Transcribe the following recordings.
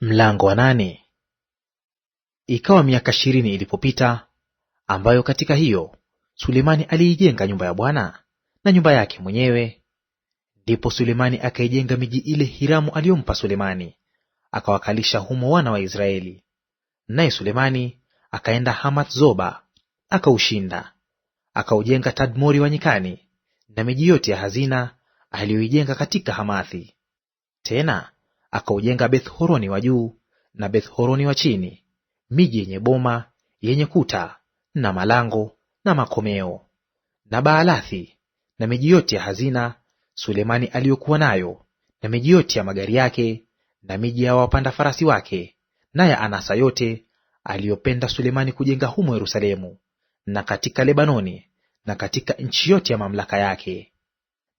Mlango wa nane. Ikawa miaka ishirini ilipopita, ambayo katika hiyo Sulemani aliijenga nyumba ya Bwana na nyumba yake mwenyewe, ndipo Sulemani akaijenga miji ile Hiramu aliyompa Sulemani, akawakalisha humo wana wa Israeli. Naye Sulemani akaenda Hamath Zoba akaushinda. Akaujenga Tadmori wa nyikani na miji yote ya hazina aliyoijenga katika Hamathi. Tena akaujenga Beth-horoni wa juu na Beth-horoni wa chini, miji yenye boma yenye kuta na malango na makomeo, na Baalathi na miji yote ya hazina Sulemani aliyokuwa nayo, na miji yote ya magari yake, na miji ya wapanda farasi wake, na ya anasa yote aliyopenda Sulemani kujenga humo Yerusalemu, na katika Lebanoni, na katika nchi yote ya mamlaka yake.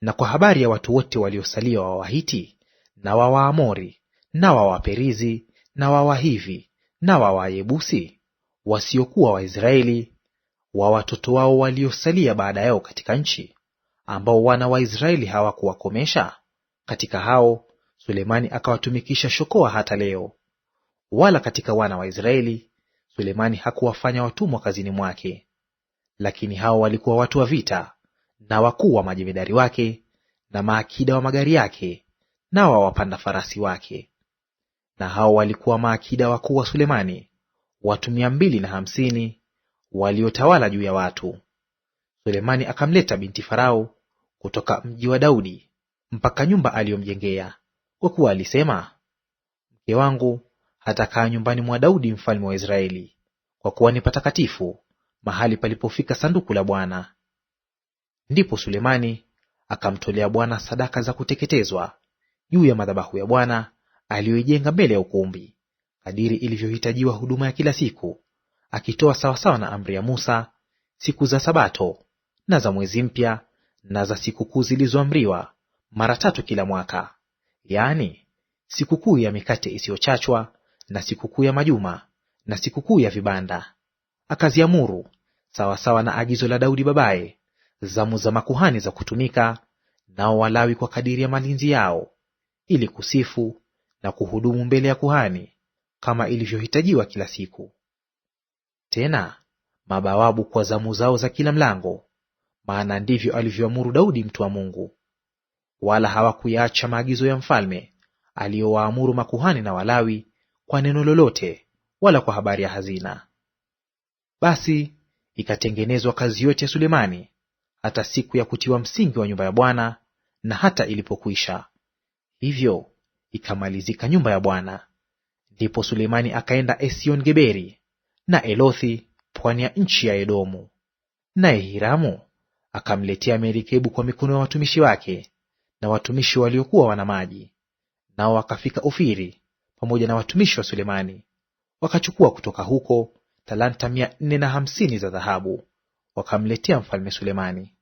Na kwa habari ya watu wote waliosalia wa Wahiti, na wa Waamori na wa Waperizi na wa Wahivi na wa Wayebusi wasiokuwa Waisraeli, wa watoto wao waliosalia baada yao katika nchi, ambao wana wa Israeli hawakuwakomesha; katika hao Sulemani akawatumikisha shokoa hata leo. Wala katika wana wa Israeli Sulemani hakuwafanya watumwa kazini mwake. Lakini hao walikuwa watu wa vita na wakuu wa majemadari wake na maakida wa magari yake nao wapanda farasi wake. Na hao walikuwa maakida wakuu wa Sulemani, watu mia mbili na hamsini waliotawala juu ya watu. Sulemani akamleta binti Farao kutoka mji wa Daudi mpaka nyumba aliyomjengea, kwa kuwa alisema, mke wangu hatakaa nyumbani mwa Daudi mfalme wa Israeli, kwa kuwa ni patakatifu, mahali palipofika sanduku la Bwana. Ndipo Sulemani akamtolea Bwana sadaka za kuteketezwa juu ya madhabahu ya Bwana aliyoijenga mbele ya ukumbi, kadiri ilivyohitajiwa huduma ya kila siku, akitoa sawasawa na amri ya Musa siku za Sabato na za mwezi mpya na za sikukuu zilizoamriwa mara tatu kila mwaka, yaani sikukuu ya mikate isiyochachwa na sikukuu ya majuma na sikukuu ya vibanda. Akaziamuru sawasawa na agizo la Daudi babaye, zamu za makuhani za kutumika, nao Walawi kwa kadiri ya malinzi yao ili kusifu na kuhudumu mbele ya kuhani kama ilivyohitajiwa kila siku. Tena mabawabu kwa zamu zao za kila mlango, maana ndivyo alivyoamuru Daudi mtu wa Mungu. Wala hawakuyaacha maagizo ya mfalme aliyowaamuru makuhani na Walawi kwa neno lolote, wala kwa habari ya hazina. Basi ikatengenezwa kazi yote ya Sulemani hata siku ya kutiwa msingi wa nyumba ya Bwana na hata ilipokwisha. Hivyo ikamalizika nyumba ya Bwana. Ndipo Sulemani akaenda Esion-Geberi na Elothi pwani ya nchi ya Edomu. Naye Hiramu akamletea merikebu kwa mikono ya watumishi wake na watumishi waliokuwa wana maji, nao wakafika Ofiri pamoja na watumishi wa Sulemani, wakachukua kutoka huko talanta mia nne na hamsini za dhahabu, wakamletea mfalme Sulemani.